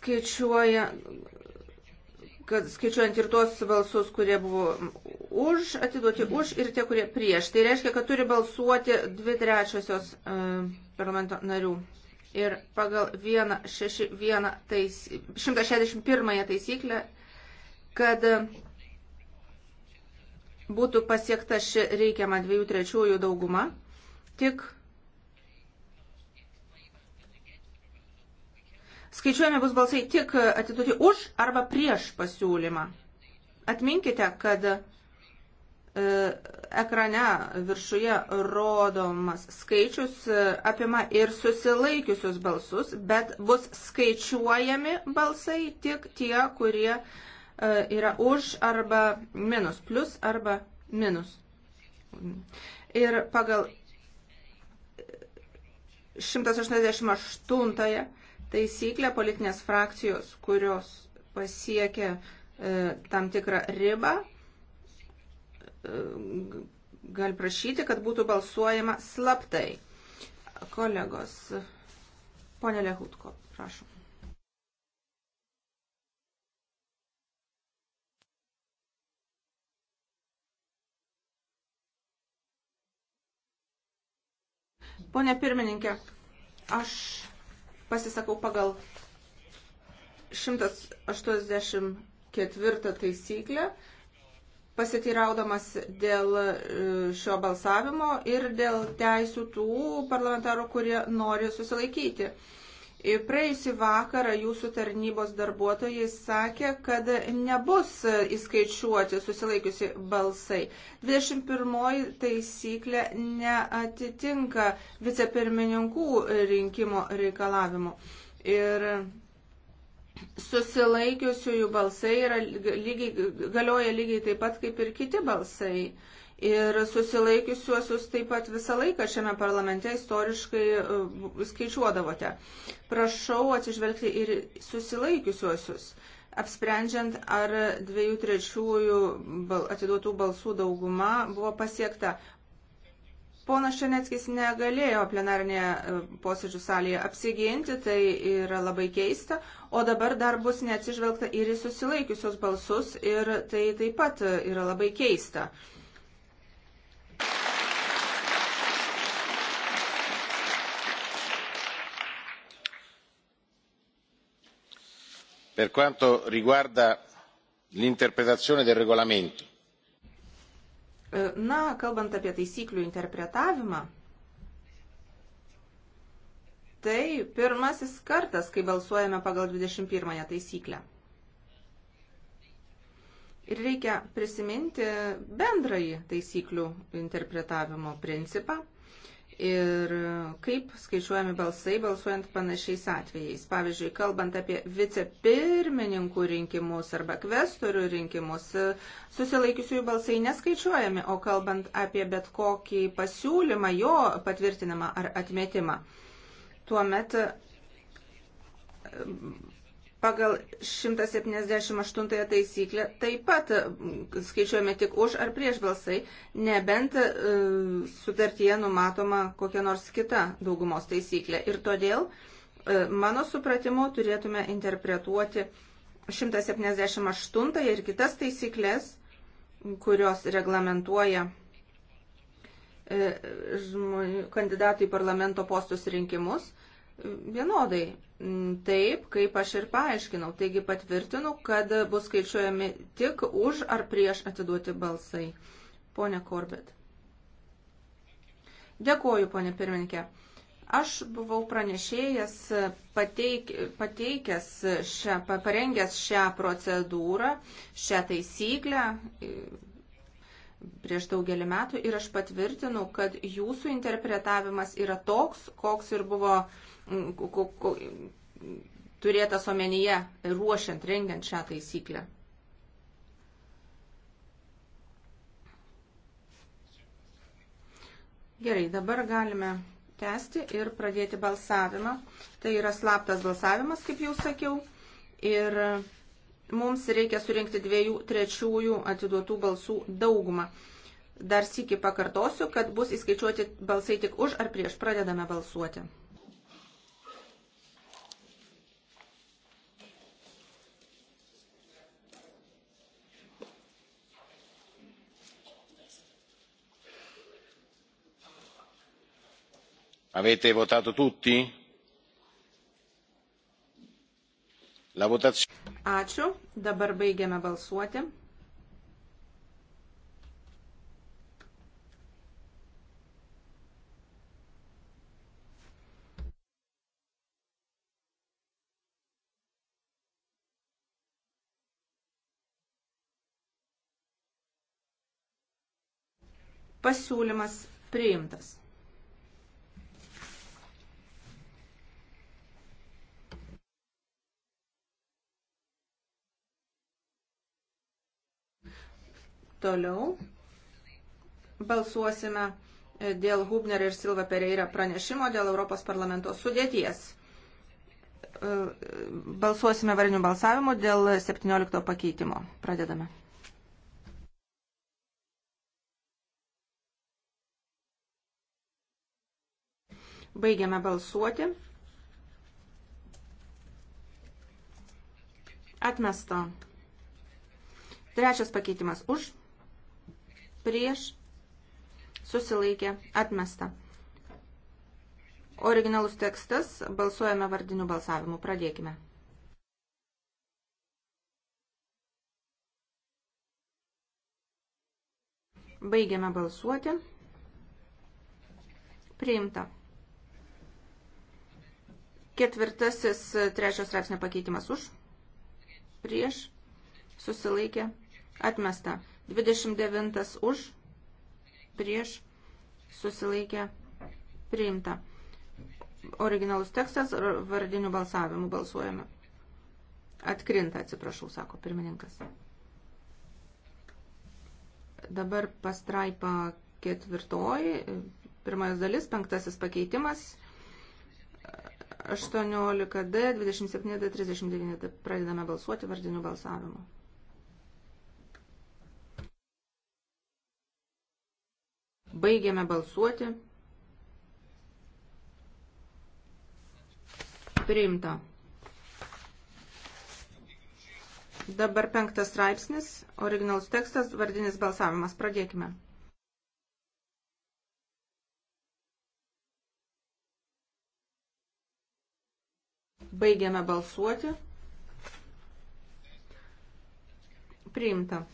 skaičiuoja, kad skaičiuojant ir tuos balsus, kurie buvo už, atiduoti už ir tie, kurie prieš. Tai reiškia, kad turi balsuoti dvi trečiosios e, parlamento narių. Ir pagal 161 tais, 161 taisyklę, kad e, būtų pasiekta ši reikiama dviejų trečiųjų dauguma, tik skaičiuojami bus balsai tik atiduoti už arba prieš pasiūlymą. Atminkite, kad e, ekrane viršuje rodomas skaičius e, apima ir susilaikiusius balsus, bet bus skaičiuojami balsai tik tie, kurie e, yra už arba minus, plus arba minus. Ir pagal 188 taisyklė politinės frakcijos, kurios pasiekia e, tam tikrą ribą, e, gali prašyti, kad būtų balsuojama slaptai. Kolegos, ponė Lehutko, prašom. Pone pirmininkė, aš pasisakau pagal 184 taisyklę, pasiteiraudamas dėl e, šio balsavimo ir dėl teisų tų parlamentarų, kurie nori susilaikyti. Praėjusį vakarą jūsų tarnybos darbuotojai sakė, kad nebus įskaičiuoti susilaikiusi balsai. 21 taisyklė neatitinka vicepirmininkų rinkimo reikalavimų. Ir susilaikiusiųjų balsai yra, lygiai, galioja lygiai taip pat kaip ir kiti balsai. Ir susilaikiusiuosius taip pat visą laiką šiame parlamente istoriškai e, skaičiuodavote. Prašau atsižvelgti ir susilaikiusiuosius, apsprendžiant, ar dviejų trečiųjų atiduotų balsų dauguma buvo pasiekta. Ponas Šeneckis negalėjo plenarinėje e, posėdžių salėje apsiginti, tai yra labai keista, o dabar dar bus neatsižvelgta ir į susilaikiusios balsus ir tai taip pat e, yra labai keista. per quanto riguarda l'interpretazione del regolamento e, Na, kalbant apie taisyklių interpretavimą, tai pirmasis kartas, kai balsuojame pagal 21 taisyklę. Ir reikia prisiminti bendrąjį taisyklių interpretavimo principą ir kaip skaičiuojami balsai balsuojant panašiais atvejais. Pavyzdžiui, kalbant apie vicepirmininkų rinkimus arba kvestorių rinkimus, susilaikiusiųjų balsai neskaičiuojami, o kalbant apie bet kokį pasiūlymą, jo patvirtinimą ar atmetimą. Tuomet pagal 178 taisyklę taip pat skaičiuojame tik už ar prieš balsai, nebent e, sutartyje numatoma kokia nors kita daugumos taisyklė. Ir todėl, e, mano supratimu, turėtume interpretuoti 178 ir kitas taisyklės, kurios reglamentuoja e, kandidatų į parlamento postus rinkimus vienodai. Mm, taip, kaip aš ir paaiškinau. Taigi patvirtinu, kad bus skaičiuojami tik už ar prieš atiduoti balsai. Pone Korbet. Dėkuoju, ponė pirmininkė. Aš buvau pranešėjas, pateik, pateikęs šią, parengęs šią procedūrą, šią taisyklę prieš daugelį metų ir aš patvirtinu, kad jūsų interpretavimas yra toks, koks ir buvo mm, turėtas omenyje ruošiant, rengiant šią taisyklę. Gerai, dabar galime tęsti ir pradėti balsavimą. Tai yra slaptas balsavimas, kaip jau sakiau. Ir mums reikia surinkti dviejų trečiųjų atiduotų balsų daugumą. Dar sįki pakartosiu, kad bus įskaičiuoti balsai tik už ar prieš. Pradedame balsuoti. Avete votato tutti? La votazione. Ačiū. Dabar baigiame balsuoti. Pasiūlymas priimtas. Toliau balsuosime dėl Hubner ir Silva Pereira pranešimo dėl Europos parlamento sudėties. E, balsuosime varinių balsavimų dėl 17 pakeitimo. Pradedame. Baigiame balsuoti. Atmesta. Trečias pakeitimas už prieš, susilaikė, atmesta. Originalus tekstas, balsuojame vardiniu balsavimu, pradėkime. Baigiame balsuoti. Priimta. Ketvirtasis trečios straipsnio pakeitimas už. Prieš. Susilaikė. Atmesta. 29 už, prieš, susilaikė, priimta. Originalus tekstas vardiniu balsavimu balsuojame. Atkrinta, atsiprašau, sako pirmininkas. Dabar pastraipa ketvirtoji, pirmajas dalis, penktasis pakeitimas, 18D, 27D, 39D. Pradedame balsuoti vardiniu balsavimu. Baigiame balsuoti. Priimta. Dabar penktas straipsnis, originalus tekstas, vardinis balsavimas. Pradėkime. Baigiame balsuoti. Priimta.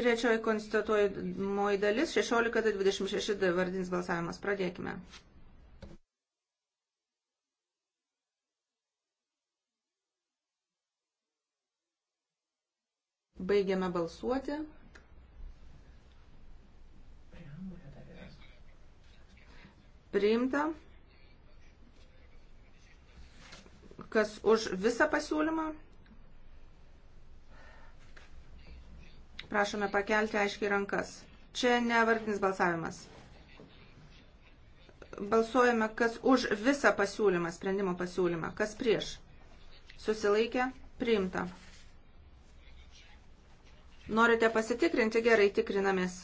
Trečioji konstatuojamoji dalis 16.26 tai vardinis balsavimas. Pradėkime. Baigiame balsuoti. Priimta. Kas už visą pasiūlymą? Prašome pakelti aiškiai rankas. Čia nevardinis balsavimas. Balsuojame, kas už visą pasiūlymą, sprendimo pasiūlymą, kas prieš. Susilaikė, priimta. Norite pasitikrinti, gerai tikrinamės.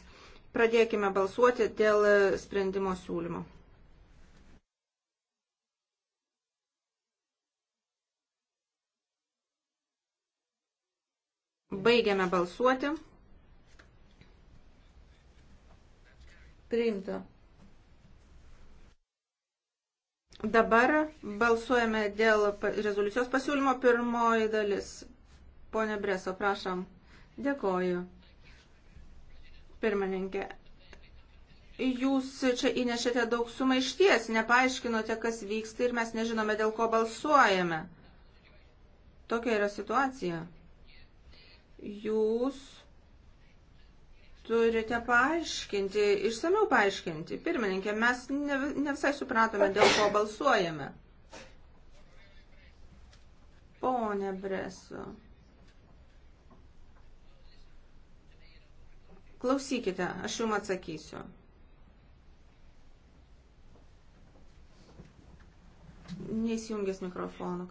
Pradėkime balsuoti dėl sprendimo siūlymo. Baigiame balsuoti. priimta. Dabar balsuojame dėl rezoliucijos pasiūlymo pirmoji dalis. Pone Breso, prašom. Dėkoju. Pirmininkė, jūs čia įnešėte daug sumaišties, nepaaiškinote, kas vyksta ir mes nežinome, dėl ko balsuojame. Tokia yra situacija. Jūs turite paaiškinti, išsamiau paaiškinti. Pirmininkė, mes ne, ne visai supratome, dėl ko balsuojame. Pone Bresu. Klausykite, aš jums atsakysiu. Neįsijungęs mikrofoną.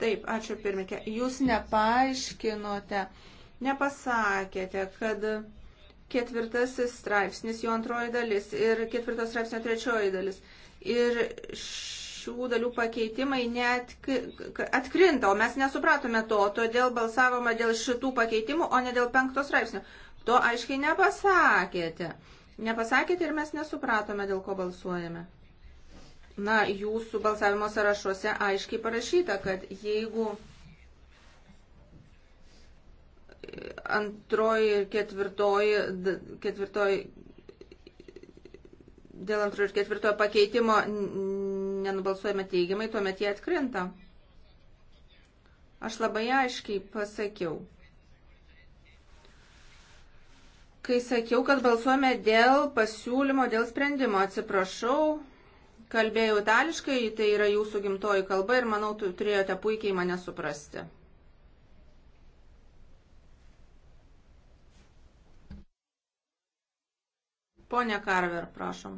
Taip, ačiū pirmininkė. Jūs nepaaiškinote, nepasakėte, kad ketvirtasis straipsnis, jo antroji dalis ir ketvirtos straipsnio trečioji dalis. Ir šių dalių pakeitimai neatkrinta, o mes nesupratome to, todėl balsavome dėl šitų pakeitimų, o ne dėl penktos straipsnio. To aiškiai nepasakėte. Nepasakėte ir mes nesupratome, dėl ko balsuojame. Na, jūsų balsavimo sąrašuose aiškiai parašyta, kad jeigu antroji ir ketvirtoji, ketvirtoji dėl antrojo ir ketvirtojo pakeitimo nenubalsuojame teigiamai, tuomet jie atkrinta. Aš labai aiškiai pasakiau. Kai sakiau, kad balsuojame dėl pasiūlymo, dėl sprendimo, atsiprašau, kalbėjau itališkai, tai yra jūsų gimtoji kalba ir manau, turėjote puikiai mane suprasti. Pone Karver, prašom.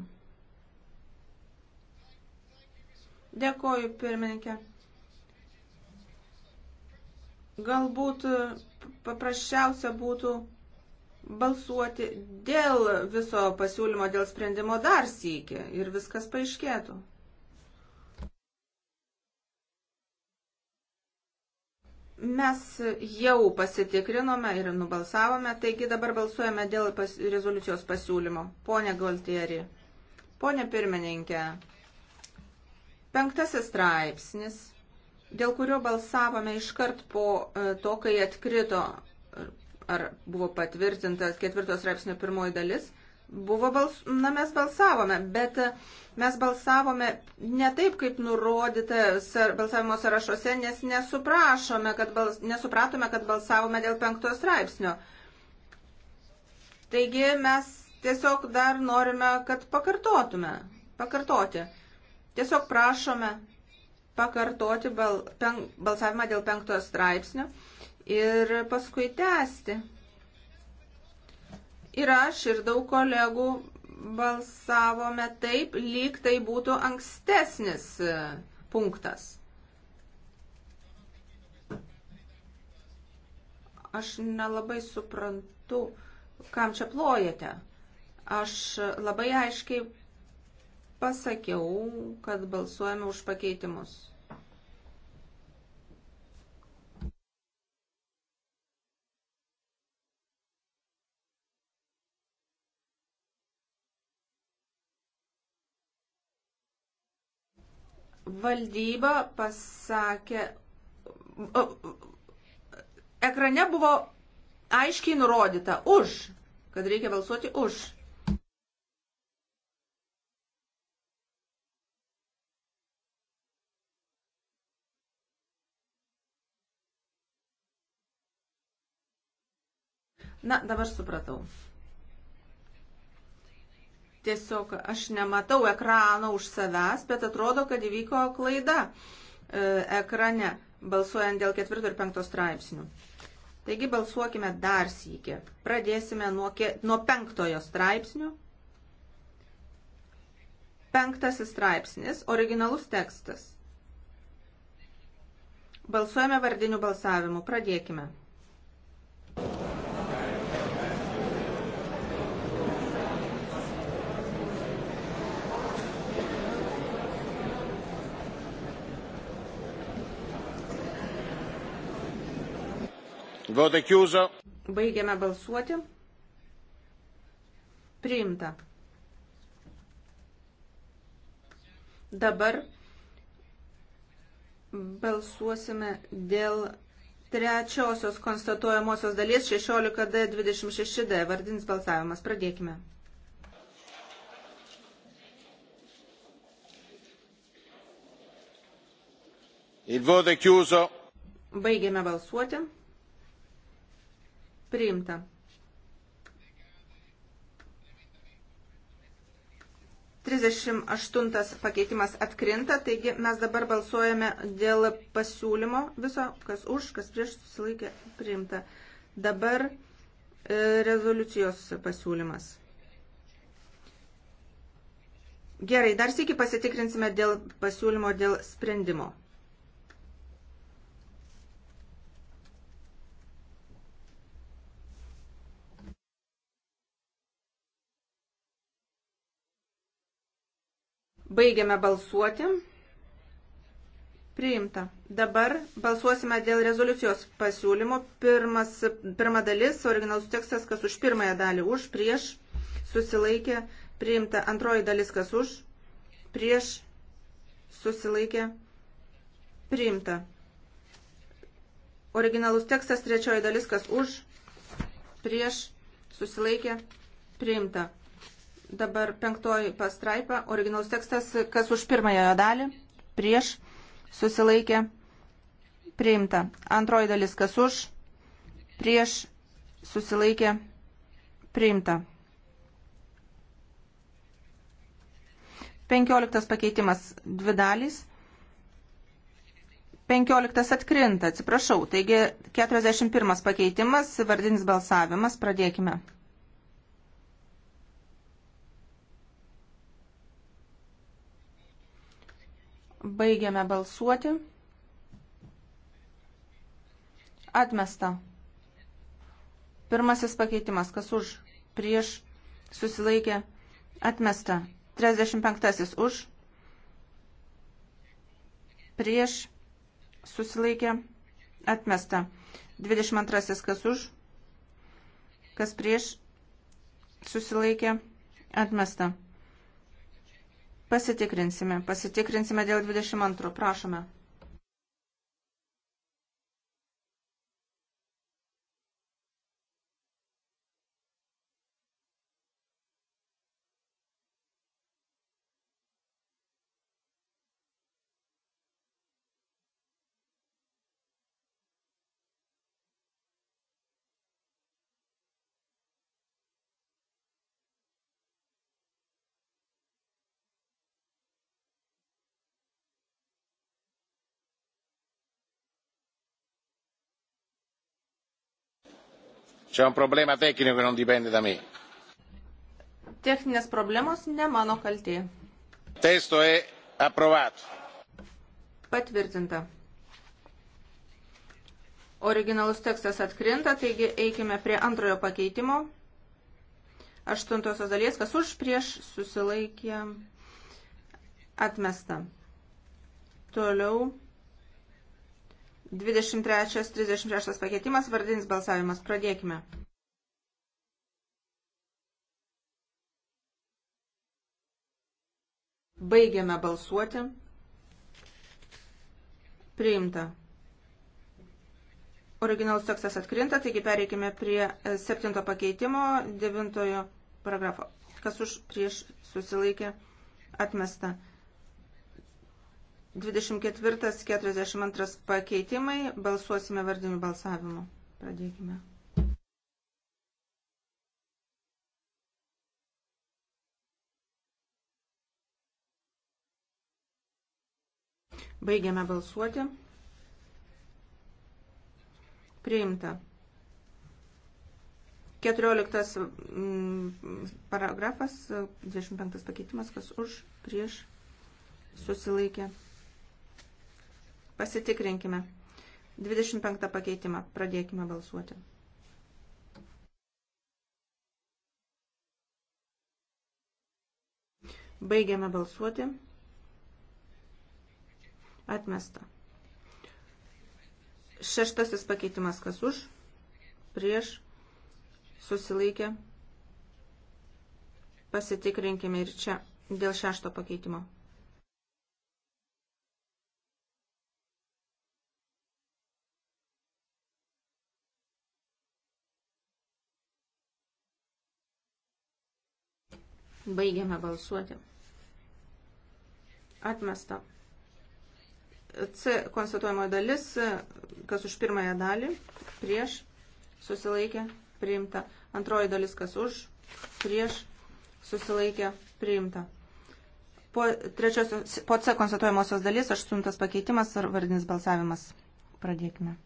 Dėkoju, pirmininkė. Galbūt paprasčiausia būtų balsuoti dėl viso pasiūlymo, dėl sprendimo dar sykį ir viskas paaiškėtų. Mes jau pasitikrinome ir nubalsavome, taigi dabar balsuojame dėl pas, rezoliucijos pasiūlymo. Pone Goltieri, pone pirmininkė, penktasis straipsnis, dėl kurio balsavome iškart po e, to, kai atkrito ar buvo patvirtintas ketvirtos straipsnio pirmoji dalis – buvo bals, na mes balsavome, bet e, mes balsavome ne taip, kaip nurodyta sar, balsavimo sąrašuose, nes nesuprašome, kad bals, nesupratome, kad balsavome dėl penktos straipsnio. Taigi mes tiesiog dar norime, kad pakartotume, pakartoti. Tiesiog prašome pakartoti bal, pen, balsavimą dėl penktojo straipsnio ir paskui tęsti. Ir aš ir daug kolegų balsavome taip, lyg tai būtų ankstesnis e, punktas. Aš nelabai suprantu, kam čia plojate. Aš labai aiškiai pasakiau, kad balsuojame už pakeitimus. valdyba pasakė, ekrane buvo aiškiai nurodyta už, kad reikia balsuoti už. Na, dabar supratau. Tiesiog aš nematau ekrano už savęs, bet atrodo, kad įvyko klaida e, ekrane, balsuojant dėl ketvirto ir penkto straipsnių. Taigi balsuokime dar sykį. Pradėsime nuo, ke, nuo penktojo straipsnių. Penktasis straipsnis, originalus tekstas. Balsuojame vardiniu balsavimu. Pradėkime. Voto chiuso. Baigiame balsuoti. Priimta. Dabar balsuosime dėl trečiosios konstatuojamosios dalies 16D26D. Vardinis balsavimas. Pradėkime. Il voto è chiuso. Baigiame balsuoti priimta. Trisdešimt aštuntas pakeitimas atkrinta, taigi mes dabar balsuojame dėl pasiūlymo viso, kas už, kas prieš susilaikė priimta. Dabar e, rezoliucijos pasiūlymas. Gerai, dar sėki pasitikrinsime dėl pasiūlymo, dėl sprendimo. Baigiame balsuoti. Priimta. Dabar balsuosime dėl rezoliucijos pasiūlymo. Pirmas, pirma dalis, originalus tekstas, kas už pirmąją dalį, už, prieš, susilaikė, priimta. Antroji dalis, kas už, prieš, susilaikė, priimta. Originalus tekstas, trečioji dalis, kas už, prieš, susilaikė, priimta. Dabar penktoji pastraipa, originalus tekstas, kas už pirmąją dalį, prieš, susilaikė, priimta. Antroji dalis, kas už, prieš, susilaikė, priimta. Penkioliktas pakeitimas, dvi dalys. Penkioliktas atkrinta, atsiprašau. Taigi, 41 pakeitimas, vardinis balsavimas, pradėkime. Baigiame balsuoti. Atmesta. Pirmasis pakeitimas, kas už, prieš, susilaikė, atmesta. 35 už, prieš, susilaikė, atmesta. 22 kas už, kas prieš, susilaikė, atmesta. Pasitikrinsime, pasitikrinsime dėl 22. Prašome. Čia un problema techninio, kad non dipende da me. Techninės problemos ne mano kaltė. Testo e approvato. Patvirtinta. Originalus tekstas atkrinta, taigi eikime prie antrojo pakeitimo. Aštuntosios dalies, kas už prieš susilaikė atmesta. Toliau 23-36 pakeitimas, vardinis balsavimas. Pradėkime. Baigiame balsuoti. Priimta. Originalus tekstas atkrinta, taigi pereikime prie e, septinto pakeitimo, devintojo paragrafo. Kas už prieš susilaikė atmesta. 24-42 pakeitimai. Balsuosime vardiniu balsavimu. Pradėkime. Baigiame balsuoti. Priimta. 14 mm, paragrafas, 25 pakeitimas, kas už, prieš, susilaikė, Pasitikrinkime. 25 pakeitimą. Pradėkime balsuoti. Baigiame balsuoti. Atmesta. Šeštasis pakeitimas kas už, prieš, susilaikė. Pasitikrinkime ir čia dėl šešto pakeitimo. Baigiame balsuoti. Atmesta. C konstatuojamoji dalis, kas už pirmąją dalį, prieš, susilaikė, priimta. Antroji dalis, kas už, prieš, susilaikė, priimta. Po, trečiosios, po C konstatuojamosios dalis, aštuntas pakeitimas ir vardinis balsavimas. Pradėkime.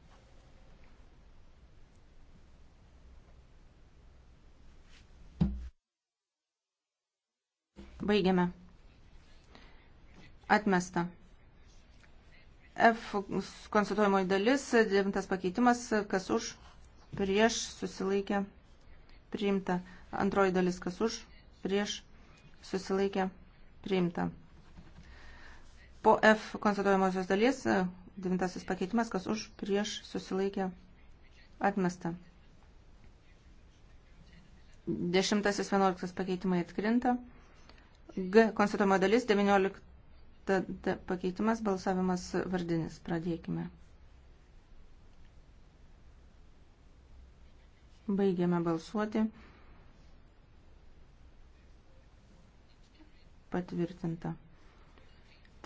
Baigiame. Atmesta. F konstatuojamoji dalis, devintas pakeitimas, kas už, prieš, susilaikė, priimta. Antroji dalis, kas už, prieš, susilaikė, priimta. Po F konstatuojamosios dalies, devintasis pakeitimas, kas už, prieš, susilaikė, atmesta. Dešimtasis vienuoliktas pakeitimai atkrinta. G konstatuojama dalis, 19 pakeitimas, balsavimas vardinis. Pradėkime. Baigiame balsuoti. Patvirtinta.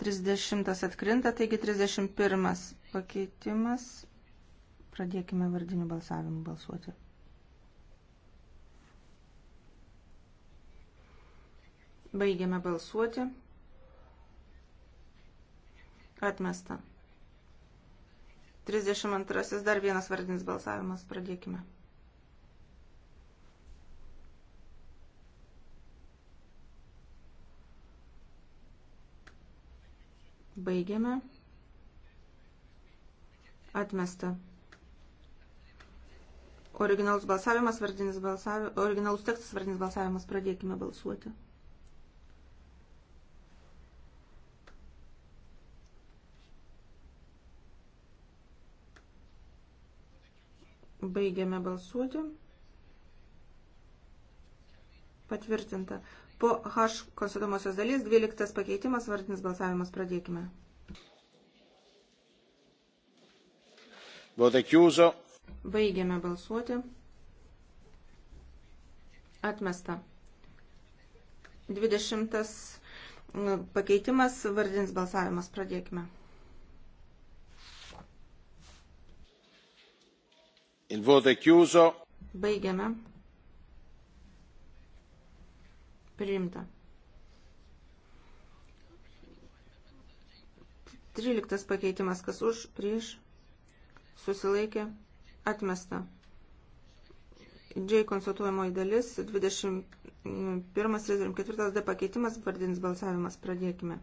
30 atkrinta, taigi 31 pakeitimas. Pradėkime vardinių balsavimų balsuoti. Baigiame balsuoti. Atmesta. 32. Dar vienas vardinis balsavimas. Pradėkime. Baigiame. Atmesta. Originalus balsavimas, vardinis balsavimas, originalus tekstas, vardinis balsavimas, pradėkime balsuoti. Baigiame balsuoti. Patvirtinta. Po H konstatomosios dalies 12 pakeitimas, vardinis balsavimas. Pradėkime. Voto chiuso. Baigiame balsuoti. Atmesta. 20 nu, pakeitimas, vardinis balsavimas. Pradėkime. Il voto è chiuso. Baigiame. Priimta. 13 pakeitimas, kas už, prieš, susilaikė, atmesta. J konsultuojamoji dalis, 21, 34 D pakeitimas, vardinis balsavimas, pradėkime.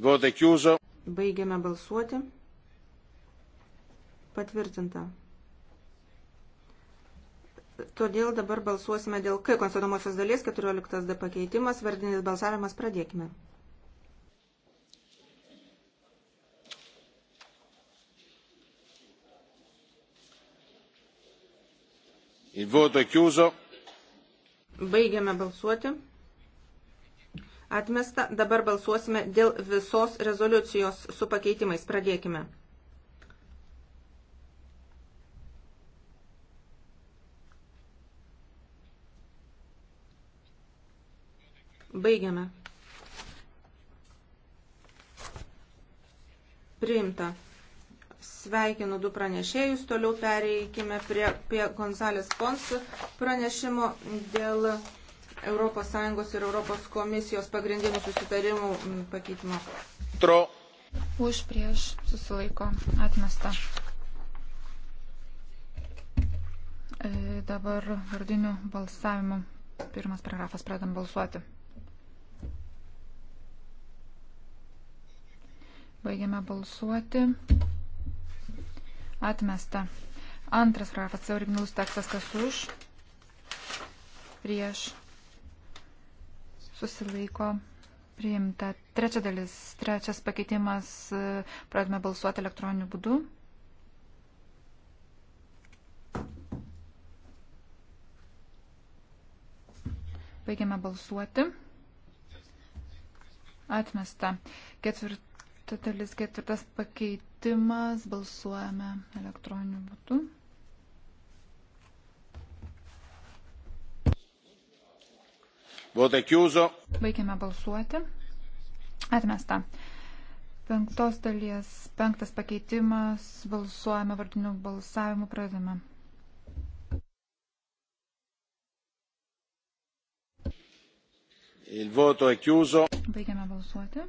Votai chiuso. Baigiame balsuoti. Patvirtinta. Todėl dabar balsuosime dėl K konstatuomosios dalies 14D pakeitimas, vardinis balsavimas pradėkime. Il voto è chiuso. Baigiame balsuoti. Atmesta. Dabar balsuosime dėl visos rezoliucijos su pakeitimais. Pradėkime. Baigiame. Priimta. Sveikinu du pranešėjus. Toliau pereikime prie, prie Gonzalės Pons pranešimo dėl ES ir ES komisijos pagrindinių susitarimų mm, pakeitimo. Tro. Už prieš susilaiko atmesta. E, dabar vardiniu balsavimu. Pirmas paragrafas pradam balsuoti. Baigiame balsuoti. Atmesta. Antras paragrafas, originalus tekstas, kas už, prieš susilaiko priimta. Trečia dalis, trečias pakeitimas, e, pradame balsuoti elektroniniu būdu. Baigiame balsuoti. Atmesta. Ketvirta dalis, ketvirtas pakeitimas, balsuojame elektroniniu būdu. Votai chiuso. Baigiame balsuoti. Atmesta. Penktos dalies, penktas pakeitimas, balsuojame vardiniu balsavimu, pradedame. Il voto è chiuso. Baigiame balsuoti.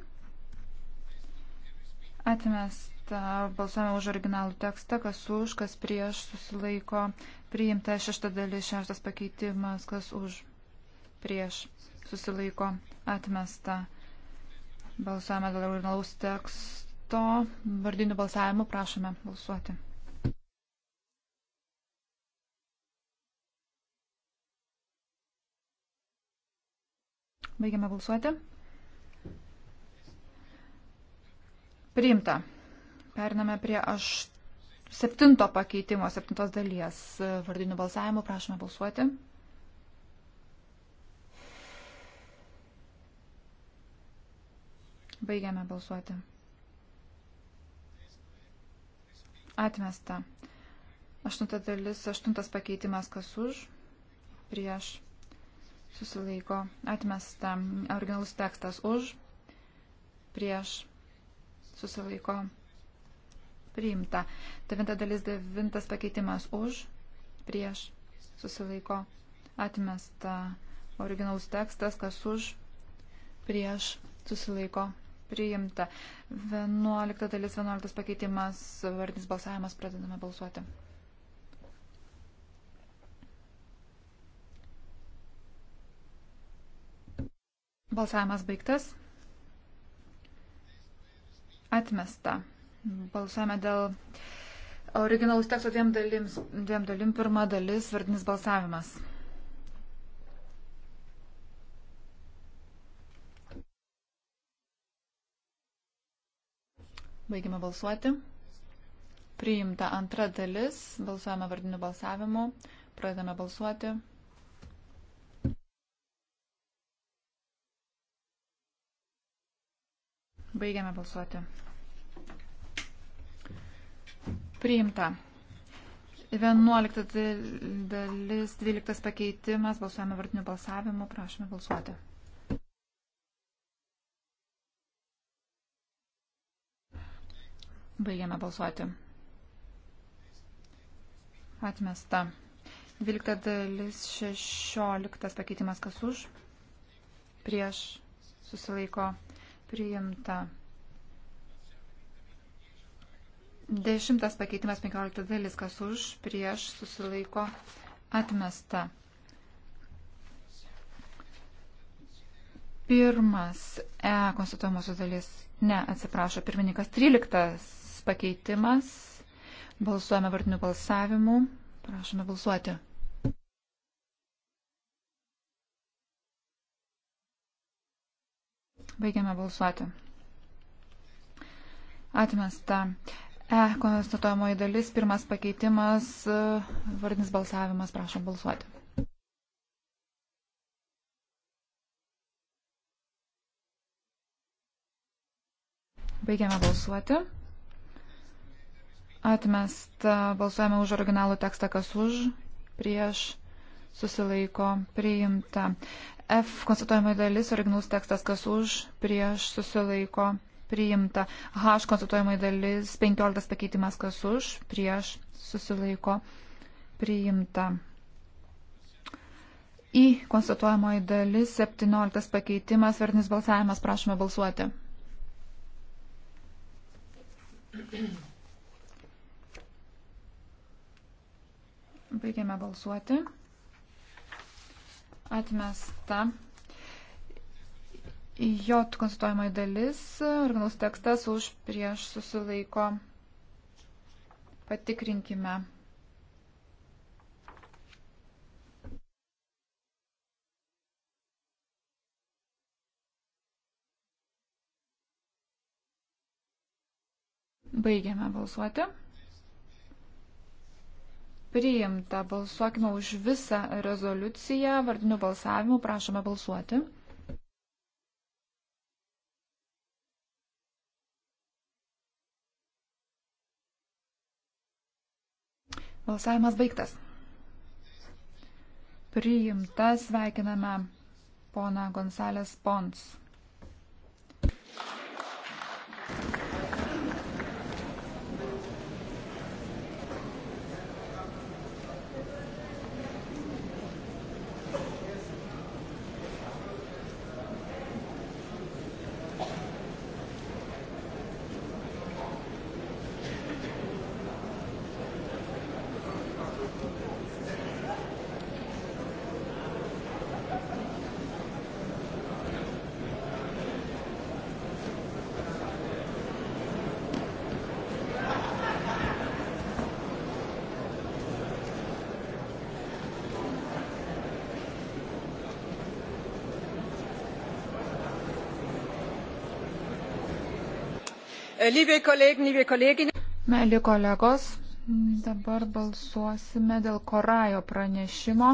Atmesta balsuojame už originalų tekstą, kas už, kas prieš, susilaiko, priimta šešta dalis, šeštas pakeitimas, kas už, prieš susilaiko atmesta. Balsuojame dėl originalaus teksto. Vardinių balsavimų prašome balsuoti. Baigiame balsuoti. Priimta. Periname prie aš septinto pakeitimo, septintos dalies vardinių balsavimų. Prašome balsuoti. Baigiame balsuoti. Atmesta. Aštunta dalis, aštuntas pakeitimas, kas už, prieš, susilaiko, atmesta. Originalus tekstas už, prieš, susilaiko, priimta. Devinta dalis, devintas pakeitimas už, prieš, susilaiko, atmesta. Originalus tekstas, kas už, prieš, susilaiko, priimta. 11 dalis 11 pakeitimas, vardinis balsavimas, pradedame balsuoti. Balsavimas baigtas. Atmesta. Balsuojame dėl originalus teksto dviem dalim. Dviem dalim pirma dalis, vardinis balsavimas. Baigime balsuoti. Priimta antra dalis. Balsuojame vardiniu balsavimu. Pradedame balsuoti. Baigiame balsuoti. Priimta. 11 dalis, 12 pakeitimas, balsuojame vardiniu balsavimu, prašome balsuoti. Baigiame balsuoti. Atmesta. 12 dalis 16 pakeitimas kas už. Prieš susilaiko priimta. Dešimtas pakeitimas 15 dalis kas už. Prieš susilaiko atmesta. Pirmas E konstatuojamosios dalis. Ne, atsiprašo, pirmininkas 13 pakeitimas. Balsuojame vardiniu balsavimu. Prašome balsuoti. Baigiame balsuoti. Atmesta. E, konstatuojamoji dalis, pirmas pakeitimas, vardinis balsavimas, prašom balsuoti. Baigiame balsuoti. Atmesta. Balsuojame už originalų tekstą, kas už, prieš, susilaiko, priimta. F konstatuojama dalis, originalus tekstas, kas už, prieš, susilaiko, priimta. H konstatuojama dalis, 15 pakeitimas, kas už, prieš, susilaiko, priimta. Į konstatuojamoji dalis 17 pakeitimas, vertinis balsavimas, prašome balsuoti. Baigiame balsuoti. Atmesta. J konstatuojamoji dalis, originalus tekstas už prieš susilaiko. Patikrinkime. Baigiame balsuoti priimta. Balsuokime už visą rezoliuciją vardiniu balsavimu. Prašome balsuoti. Balsavimas baigtas. Priimta sveikiname pona Gonzales Pons. Mėly kolegos, dabar balsuosime dėl Korajo pranešimo.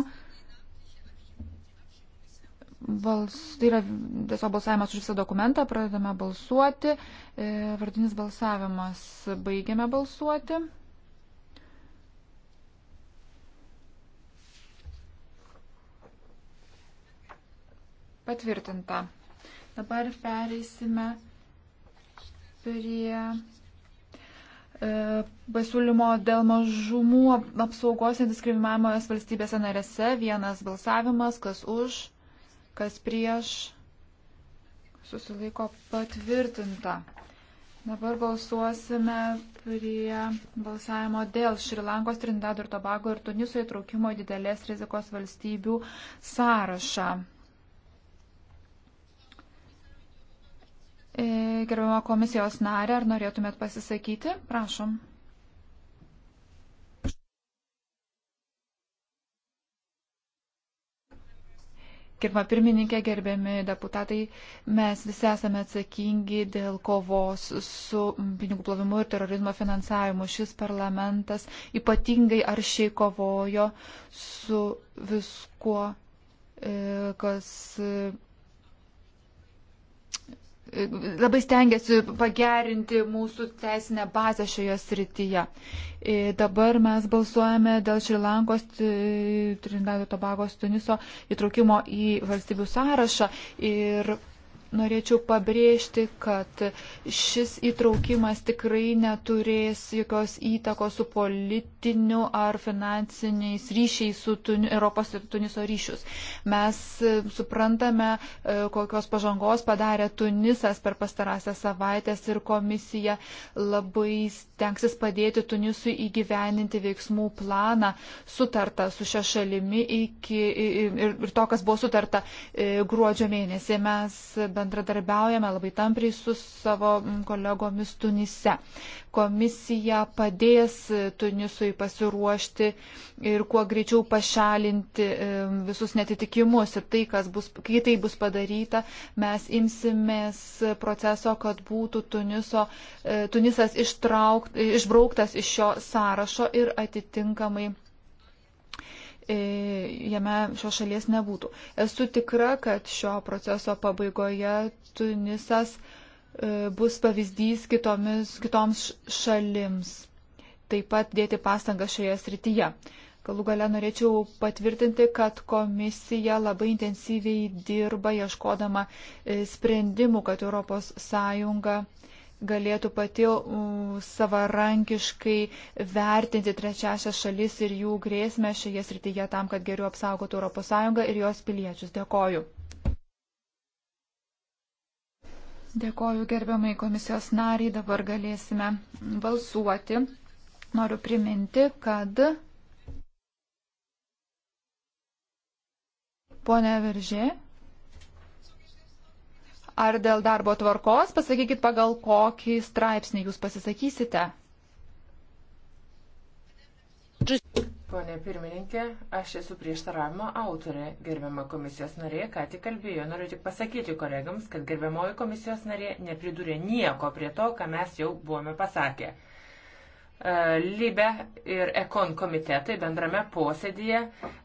Bals, tai yra tiesiog balsavimas už visą dokumentą, pradedame balsuoti. E, vardinis balsavimas, baigiame balsuoti. Patvirtinta. Dabar pereisime prie e, pasiūlymo dėl mažumų apsaugos ir diskriminavimo es valstybėse narėse. Vienas balsavimas, kas už, kas prieš, susilaiko patvirtinta. Dabar balsuosime prie balsavimo dėl Šrilankos, Trindado ir Tobago ir Tuniso įtraukimo į didelės rizikos valstybių sąrašą. E, Gerbiamo komisijos narė, ar norėtumėt pasisakyti? Prašom. Kirma pirmininkė, gerbiami deputatai, mes visi esame atsakingi dėl kovos su pinigų plovimu ir terorizmo finansavimu. Šis parlamentas ypatingai aršiai kovojo su viskuo, e, kas labai stengiasi pagerinti mūsų teisinę bazę šioje srityje. E, dabar mes balsuojame dėl Šrilankos, e, Trinidado Tobagos, Tuniso įtraukimo į valstybių sąrašą ir norėčiau pabrėžti, kad šis įtraukimas tikrai neturės jokios įtakos su politiniu ar finansiniais ryšiais su Tun Europos ir Tuniso ryšius. Mes e, suprantame, e, kokios pažangos padarė Tunisas per pastarąsią savaitęs ir komisija labai stengsis padėti Tunisui įgyveninti veiksmų planą sutartą su šia šalimi iki, ir, ir to, kas buvo sutarta e, gruodžio mėnesį. Mes bendradarbiaujame labai tampriai su savo mm, kolegomis Tunise. Komisija padės e, Tunisui pasiruošti ir kuo greičiau pašalinti e, visus netitikimus. Ir tai, bus, kai tai bus padaryta, mes imsimės proceso, kad būtų Tuniso, e, Tunisas ištraukt, išbrauktas iš šio sąrašo ir atitinkamai E, jame šios šalies nebūtų. Esu tikra, kad šio proceso pabaigoje Tunisas e, bus pavyzdys kitomis, kitoms šalims taip pat dėti pastangą šioje srityje. Galų gale norėčiau patvirtinti, kad komisija labai intensyviai dirba ieškodama e, sprendimų, kad ES galėtų pati savarankiškai vertinti trečiasias šalis ir jų grėsmę šioje srityje tam, kad geriau apsaugotų ES ir jos piliečius. Dėkoju. Dėkoju gerbiamai komisijos nariai, dabar galėsime balsuoti. Noriu priminti, kad ponia Veržė ar dėl darbo tvarkos, pasakykit, pagal kokį straipsnį jūs pasisakysite. Pone pirmininkė, aš esu prieštaravimo autorė. Gerbiama komisijos narė, ką tik kalbėjo, noriu tik pasakyti kolegams, kad gerbiamoji komisijos narė nepridūrė nieko prie to, ką mes jau buvome pasakę. E, Libe ir Ekon komitetai bendrame posėdėje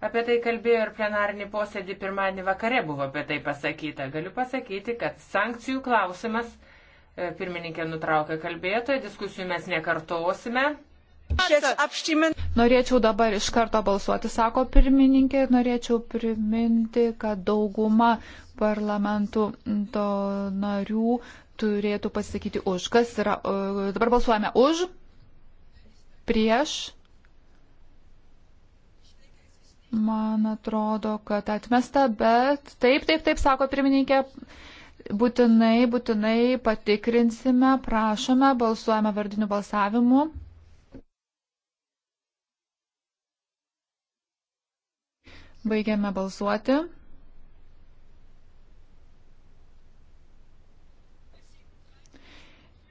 apie tai kalbėjo ir plenarinį posėdį pirmadienį vakare buvo apie tai pasakyta. Galiu pasakyti, kad sankcijų klausimas e, pirmininkė nutraukė kalbėtoją, diskusijų mes nekartosime. Norėčiau dabar iš karto balsuoti, sako pirmininkė, norėčiau priminti, kad dauguma parlamentų narių turėtų pasakyti už. Kas yra? E, dabar balsuojame už prieš. Man atrodo, kad atmesta, bet taip, taip, taip, sako pirmininkė, būtinai, būtinai patikrinsime, prašome, balsuojame vardiniu balsavimu. Baigiame balsuoti.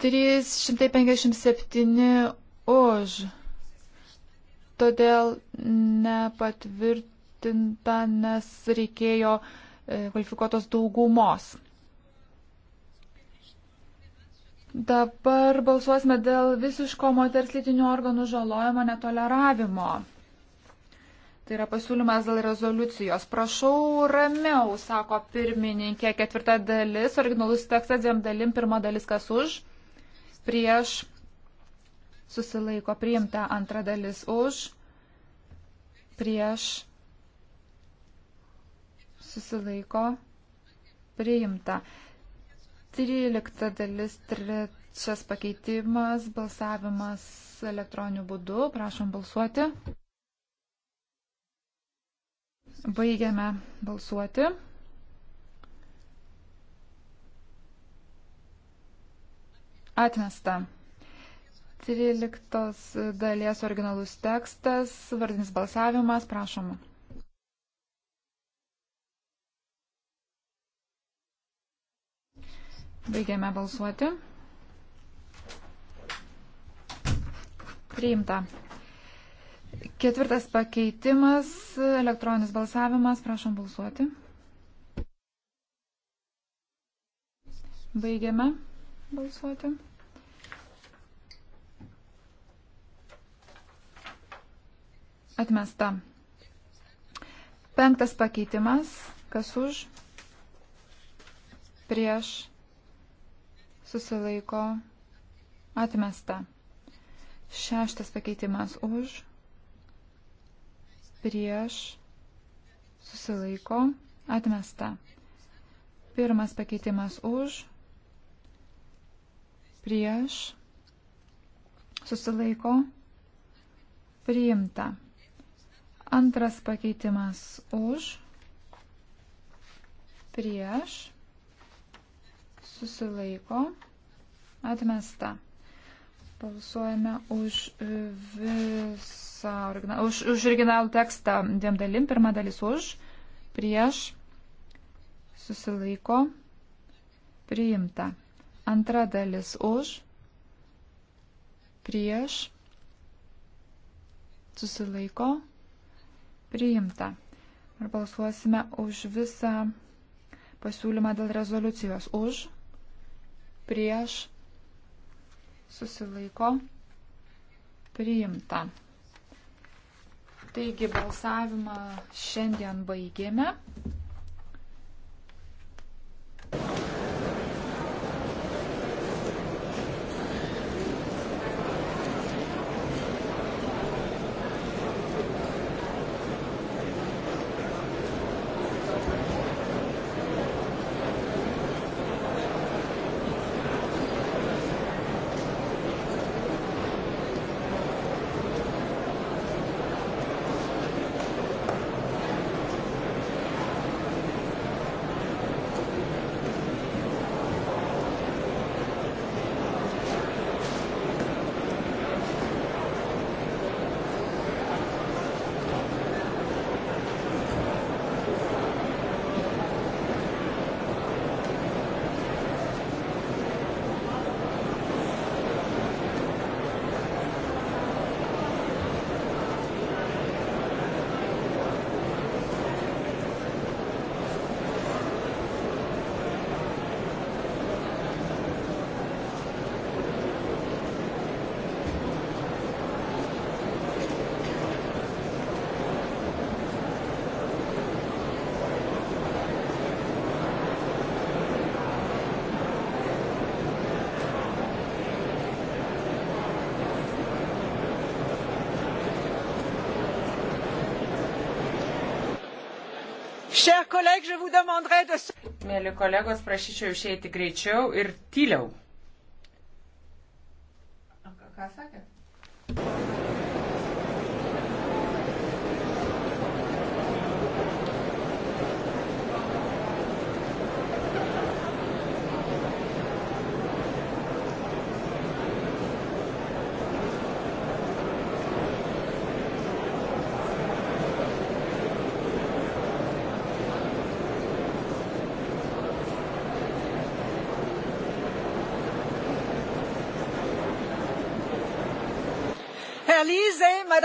Trys šimtai penkiasdešimt septyni už. Todėl nepatvirtinta, nes reikėjo e, kvalifikuotos daugumos. Dabar balsuosime dėl visiško moters lytinių organų žalojimo netoleravimo. Tai yra pasiūlymas dėl rezoliucijos. Prašau ramiau, sako pirmininkė, ketvirta dalis, originalus tekstas dviem dalim, pirma dalis kas už, prieš susilaiko priimta antra dalis už, prieš, susilaiko priimta. 13 dalis, trečias pakeitimas, balsavimas elektroniniu būdu, prašom balsuoti. Baigiame balsuoti. Atmesta. 13 dalies originalus tekstas, vardinis balsavimas, prašoma. Baigėme balsuoti. Priimta. Ketvirtas pakeitimas, elektroninis balsavimas, prašom balsuoti. Baigėme balsuoti. Atmesta. Penktas pakeitimas. Kas už? Prieš. Susilaiko. Atmesta. Šeštas pakeitimas už. Prieš. Susilaiko. Atmesta. Pirmas pakeitimas už. Prieš. Susilaiko. Priimta. Antras pakeitimas už, prieš, susilaiko, atmesta. Balsuojame už visą, už, už originalų tekstą dviem dalim. Pirma dalis už, prieš, susilaiko, priimta. Antra dalis už, prieš, susilaiko, priimta priimta. Ir balsuosime už visą pasiūlymą dėl rezoliucijos. Už, prieš, susilaiko, priimta. Taigi balsavimą šiandien baigėme. Mėly kolegos, prašyčiau išeiti greičiau ir tyliau. Ką sakėt?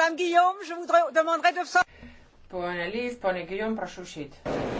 Madame Guillaume, je vous demanderai de... Pone Lys, pone Guillaume, prašau išeiti.